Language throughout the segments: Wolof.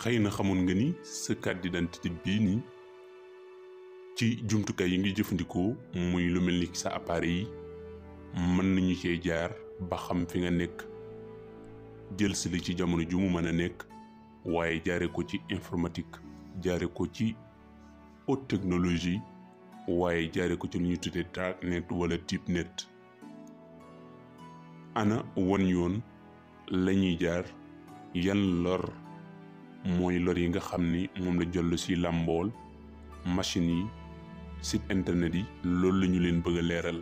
xëy na xamoon nga ni sa carte d'identité bii nii ci jumtukaay yi ngi jëfandikoo muy lu mel ni sa appareil yi mën nañu cee jaar ba xam fi nga nekk jël si li ci jamono ji mu mën a nekk waaye jaare ko ci informatique jaare ko ci ot technologie waaye jaare ko ci lu ñu tuddee darknet wala deepnet ana wan yoon lañuy jaar yan lor Mm. mooy lor yi nga xam ni moom la jollu si làmbool machine yi site internet yi loolu lañu leen bëgg a leeral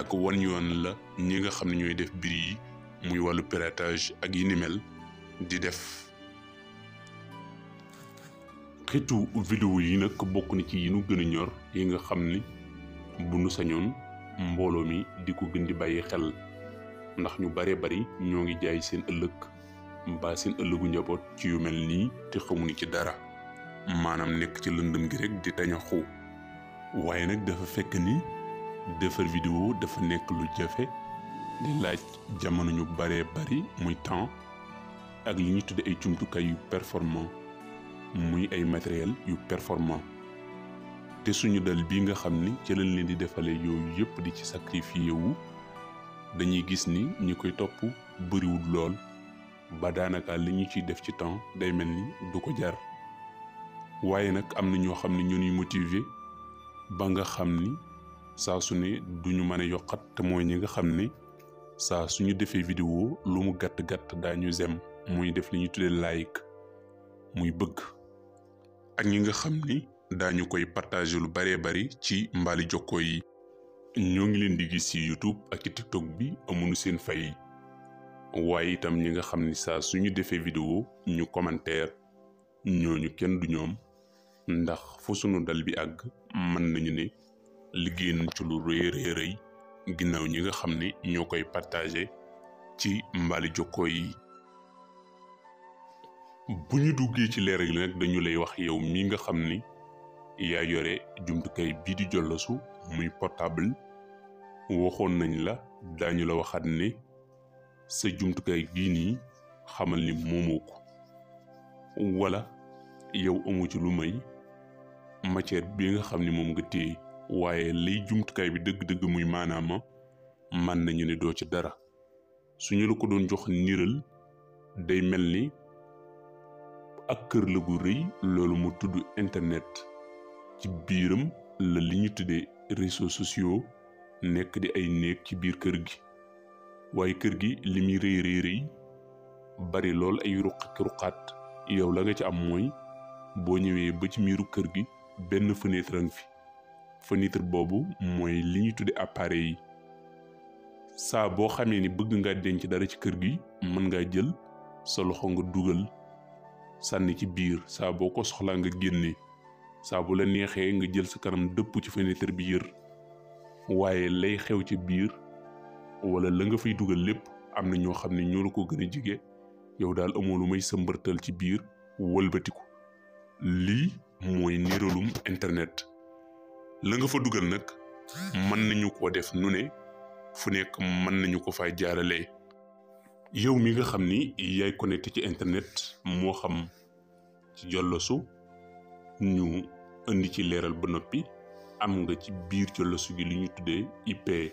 ak wan yoon la ñi nga xam ne ñooy def mbir yi muy wàllu piratage ak yi ni mel di def xeetu vidéo yi nag bokk na ci yi nu gën ñor yi nga xam ni bu nu sañoon mbooloo mi di ko gën di bàyyi xel ndax ñu bare bari ñoo ngi jaay seen ëllëg mbaa seen ëllëgu njaboot ci yu mel nii te xamuñu ci dara maanaam nekk ci lëndëm gi rek di dañ waaye nag dafa fekk ni defar vidéo dafa nekk lu jafe di laaj jamono ñu baree bari muy temps ak li ñu tudde ay cumtukaay yu performant muy ay matériel yu performant te suñu dal bii nga xam ni ci lañ leen di defale yooyu yëpp di ci sacrifié wu dañuy gis ni ñi koy topp bëriwul lool ba daanaka li ñu ciy def ci temps day mel ni du ko jar waaye nag am na ñoo xam ne ñoo ñuy motiver ba nga xam ni saa su ne duñu mën a yokkat te mooy ñi nga xam ne saa suñu defee vidéo lu mu gàtt gàtt daañu zem muy def li ñu tuddee layk muy bëgg ak ñi nga xam ni daañu koy partage lu baree bari ci mbaali jokko yi ñoo ngi leen di gis ci YouTube ak ci TikTok bi amuñu seen fay waaye itam ñi nga xam ni saa suñu defee vidéo ñu commentaire ñooñu kenn du ñoom ndax fu sunu dal bi àgg man nañu ne liggéey nañ ci lu rëy rëy ginnaaw ñi nga xam ni ñoo koy partagé ci mbaali jokko yi bu ñu duggee ci leer nag dañu lay wax yow mii nga xam ni yaa yore jumtukaay bii di jollosu muy portable waxoon nañ la daañu la waxaat ne sa jumtukaay bii nii xamal ni moomoo ko wala yow amu ci lu may matière bi nga xam ni moom nga téye waaye lay jumtukaay bi dëgg-dëgg muy maanaama man nañu ni doo ci dara su ñu la ko doon jox niral day mel ni ak kër la gu rëy loolu mu tudd internet ci biiram la li ñu tuddee réseaux sociaux nekk di ay néeg ci biir kër gi waye kër gi limi reey reey reey bari lool ay ruqat ruqat yow la nga ci am moy bo ñëwee ba ci miru kër gi benn fenêtre ang fi fenêtre bobu moy liñu ñu appareil yi saa ni bëgg nga denc dara ci kër gi mën nga jël sa loxo nga dugal sanni ci biir sa boko soxla nga génne sa bu la nexé nga jël sa kanam depp ci fenêtre bi yër waye lay xew ci biir wala la nga fay dugal lépp am na ñoo xam ne ñoo la ko gën a yow daal amoo lu may sëmbërtal ci biir walbatiku lii mooy niralum internet la nga fa dugal nag mën nañu ko def nu ne fu nekk mën nañu ko fa jaaralee. yow mi nga xam ni yaay connecté ci internet moo xam ci jollosu ñu indi ci leeral ba noppi am nga ci biir jollosu gi li ñu tuddee IP.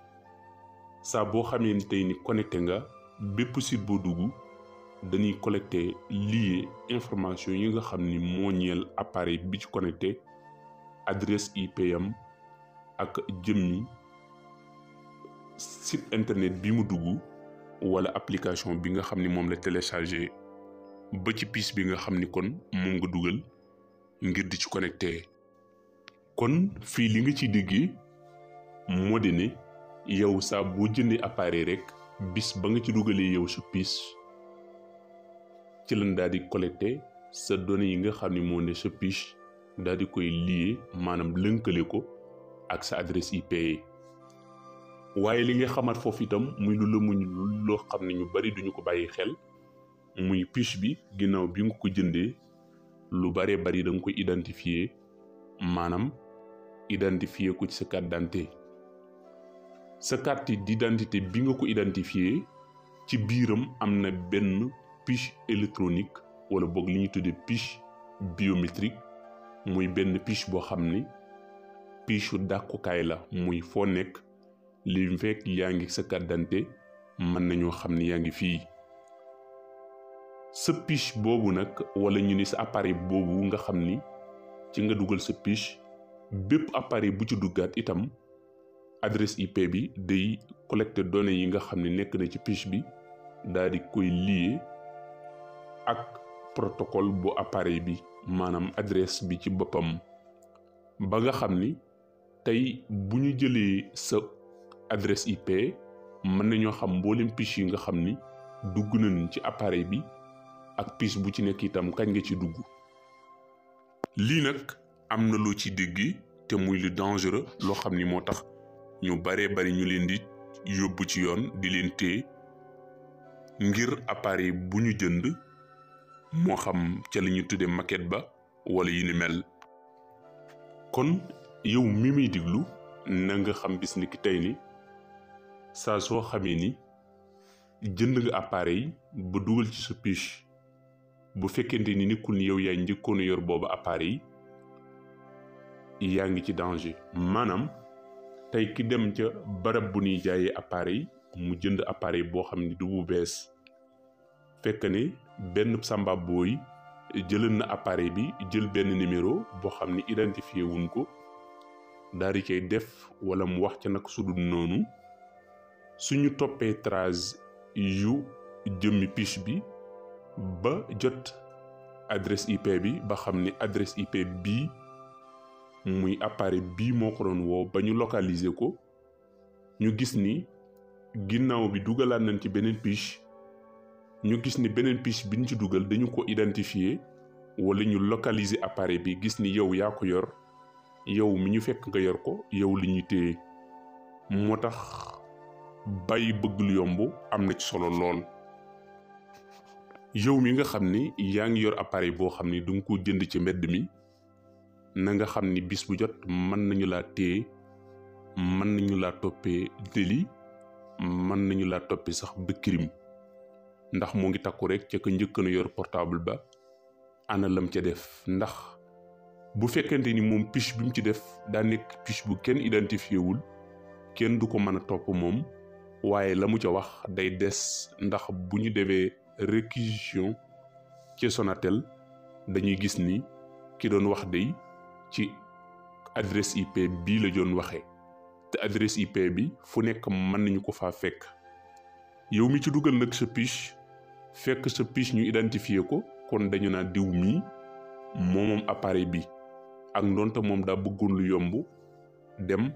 saa boo xamee ni tey ni connecté nga bépp site boo dugg dañuy collecté lié information yi nga xam ni moo ñeel appareil bi ci connecté adresse IP am ak jëmmi site internet bi mu dugg wala application bi nga xam ni moom la téléchargé ba ci piis bi nga xam ni kon moom nga dugal ngir di ci connecté kon fii li nga ci déggee moo di ne yow saa boo jëndee appareil rek bis ba nga ci dugalee yow su piis ci lan daal di collecté sa données yi nga xam ne moo ne sa piche daal di koy lié maanaam lënkale ko ak sa adresse IP waaye li nga xamaat foofu itam muy lu lëmuñ loo xam ne ñu bari duñu ko bàyyi xel muy piche bi ginnaaw bi nga ko jëndee lu baree bari da nga koy identifier maanaam identifier ko ci sa carte sa carte d'identité bi nga ko identifié ci biiram am na benn fiche électronique wala boog li ñu tuddee fiche biométrique muy benn fiche boo xam ni fiche dàqukaay la muy foo nekk li fekk yaa ngi sa carte d'identité mën nañoo xam ni yaa ngi fii sa fiche boobu nag wala ñu ni sa appareil boobu nga xam ni ci nga dugal sa fiche bépp appareil bu ci duggaat itam adresse IP bi day collecter données yi nga xamni nek na ci piche bi daal di koy lier ak protocole bu appareil bi manam adresse bi ci bopam ba nga xamni tay buñu jëlé sa adresse IP man nañu xam mboolem piche yi nga xamni dugg nañ ci appareil bi ak piche bu ci nek itam kañ nga ci dugg li nak amna lo ci te muy lu dangereux lo xamni motax ñu baree bari ñu leen di yóbbu ci yoon di leen téye ngir appareil bu ñu jënd moo xam ca lañuy tuddee maquette ba wala yu ni mel kon yow mi muy diglu na nga xam bis ki tey ni saa soo xamee ni jënd nga appareil ba dugal ci su piche bu fekkente ni nekkul yow yaa njëkkoon yor boobu appareil yaa ngi ci danger maanaam tey ki dem ca barab bu ñuy jaayee appareil mu jënd appareil boo xam ni du bu bees fekk ne benn samba booy jëlal na appareil bi jël benn numéro boo xam ni identifié wuñ ko daal di koy def wala mu wax ca nag sudul noonu suñu toppee trace yu jëmmi piche bi ba jot adresse IP bi ba xam ni adresse IP bii muy appareil bii moo ko doon woo ba ñu localiser ko ñu gis ni ginnaaw bi dugalaat nañ ci beneen piche ñu gis ni beneen piche bi ñu ci dugal dañu ko identifier walla ñu localiser appareil bi gis ni yow yaa ko yor yow mi ñu fekk nga yor ko yow li ñuy téye moo tax bàyyi bëggul yomb am na ci solo lool. yow mi nga xam ni yaa ngi yor appareil boo xam ni du ko jënd ci mbedd mi. na nga xam ni bis bu jot mën nañu laa téye mën nañu laa toppee délit mën nañu laa toppee sax ba crime ndax mu ngi takku rek ca ka yor portable ba ana lam ca def ndax bu fekkente ni moom piche bi mu ci def daa nekk piche bu kenn identifié wul kenn du ko mën a topp moom waaye la mu ca wax day des ndax bu ñu demee réquisition ci Sonatel dañuy gis ni ki doon wax day ci adresse IP bii la doon waxee te adresse IP bi fu nekk mën nañu ko faa fekk yow mi ci dugal nag sa fiche fekk sa fiche ñu identifier ko kon dañu naa diw mii moomoom appareil bi ak ndoonte moom daa bëggoon lu yomb dem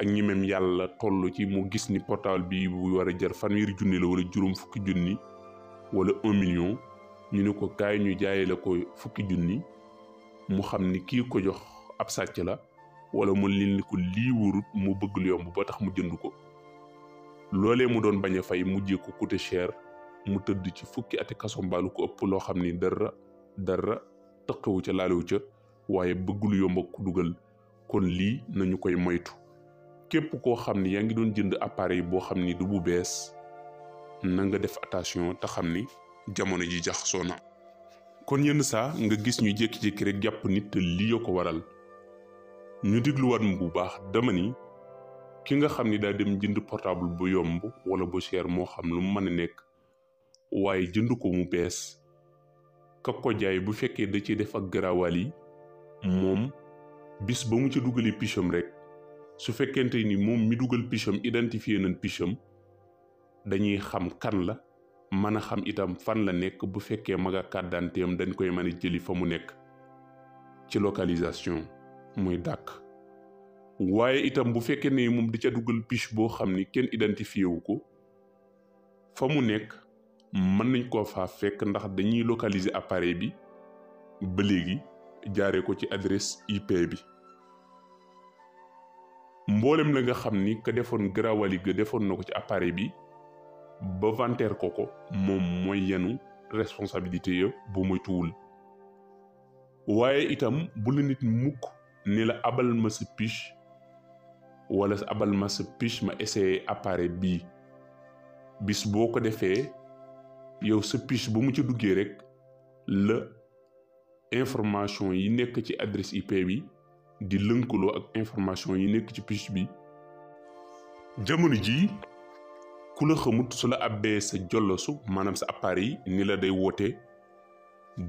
ak ñi mem yàlla toll ci mu gis ni portable bi bu war a jar fanweeri junni la wala juróom fukki junni wala un million ñu ne ko kaay ñu jaayee la ko fukki junni mu xam ni kii ko jox ab sàcc la wala mu lin ni ko lii wurut mu bëgg lu yomb ba tax mu jënd ko loolee mu doon bañ a fay mujjee ko coûté cher mu tëdd ci fukki ati kaso mbaalu ko ëpp loo xam ni dara dara tëqewu ca laalewu ca waaye bëgg lu yomb ko dugal kon lii nañu koy moytu képp koo xam ni yaa ngi doon jënd appareil boo xam ni du bu bees na nga def attention te xam ni jamono ji jaxasoo na kon yenn saa nga gis ñu jékki-jékki rek jàpp nit te lii ko waral ñu dégluwaat mu bu baax dama ni ki nga xam ni daa dem jënd portable bu yomb wala bu cher moo xam lu mu mën a nekk waaye jënd ko mu bees ka jaay bu fekkee da ci def ak garaawal yi moom bis ba mu ca dugalee picham rek su fekkente ni moom mi dugal picham identifié nañ picham dañuy xam kan la mën a xam itam fan la nekk bu fekkee mag ak carte dañ koy mën a jëli fa mu nekk ci localisation muy dàkk waaye itam bu fekkee ne moom di ca duggal piche boo xam ni kenn identifié wu ko fa mu nekk mën nañ koo faa fekk ndax dañuy localiser appareil bi ba léegi jaaree ko ci adresse IP bi mboolem la nga xam ni ka defoon garawali ga defoon na ko ci appareil bi ba vanteer ko ko moom mooy yenu responsabilité ya bu muy tuwul waaye itam bu la nit mukk ni la abal ma sa piche wala abal ma sa piche ma essayé appareil bii bis boo ko defee yow sa piche bu mu ci duggee rek la information yi nekk ci adresse IP bi di lënkaloo ak information yi nekk ci piche bi jamono ji kula xamut su la abbee sa jollosu manam sa appareil ni la day wootee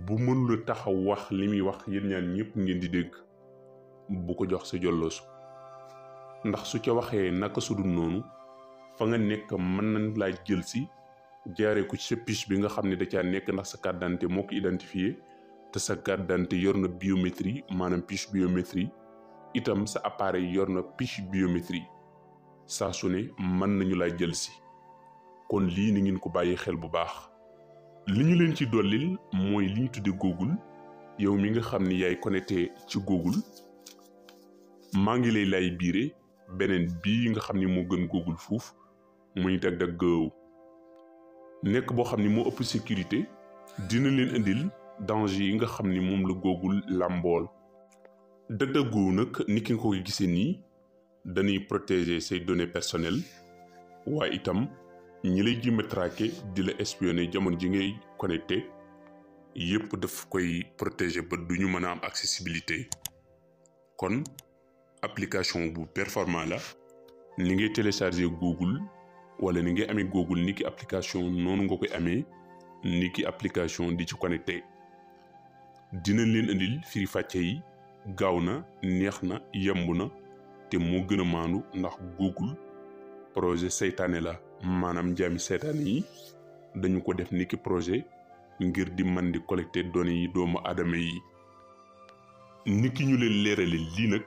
bu lu taxaw wax li muy wax yeen ñaan ñëpp ngeen di dégg bu ko jox sa jollosu ndax su ca waxee naka su dul noonu fa nga nekk man nañ laa jël si jaaree ko ci sa piche bi nga xam ne da caa nekk ndax sa carte moo ko identifié te sa carte yor biométrie maanaam piche biométrie itam sa appareil yor na piche biométrie saa su ne nañu laa jël si kon lii na ngeen ko bàyyi xel bu baax li ñu leen ci dollil mooy li ñu tudde Google yow mi nga xam ni yaay connecté ci Google maa ngi lay lay biire beneen bii nga xam ni moo gën Google fuuf muy dag-dag goow nekk boo xam ni moo ëpp sécurité dina leen indil danger yi nga xam ni moom la Google làmbool dag-dag goow nag ni ki nga ko gisee nii danuy protéger say données personnel waaye itam ñi lay jéem a di la espionné jamono ji ngay connecté yëpp daf koy protégé ba du ñu mën a am accessibilité kon application bu performant la ni ngay téléchargé Google wala ni ngay amee Google ni ki application noonu nga koy amee ni ki application di ci connecté dinañ leen indil firi fàcce yi gaaw na neex na yemb na te moo gën a maandu ndax Google projet seytaane la maanaam jaami seytaane yi dañu ko def niki projet ngir di man di collecter données yi doomu aadama yi niki ñu leen leerale lii nag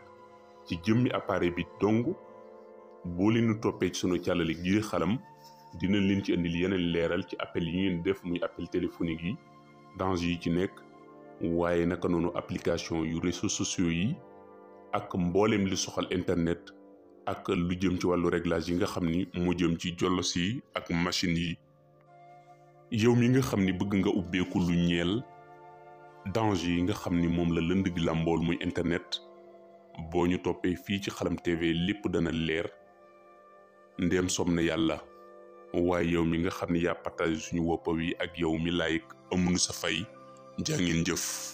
ci jëmmi appareil bi dong boo leen toppee ci sunu càllale gi xalam dina leen ci indil yeneen leeral ci appel yi ngeen def muy appel téléphonique yi danger yi ci nekk waaye naka noonu application yu réseaux sociaux yi ak mboolem li soxal internet ak lu jëm ci wàllu réglage yi nga xam ni moo jëm ci jollos yi ak machine yi yow mi nga xam ni bëgg nga ubbeeku lu ñeel danger yi nga xam ni moom la lënd gi làmbool muy internet boo ñu toppee fii ci xalam TV lépp dana leer ndéem som na yàlla waaye yow mi nga xam ni yaa partage suñu woppa wi ak yow mi like amuñu sa fay jaa ngeen jëf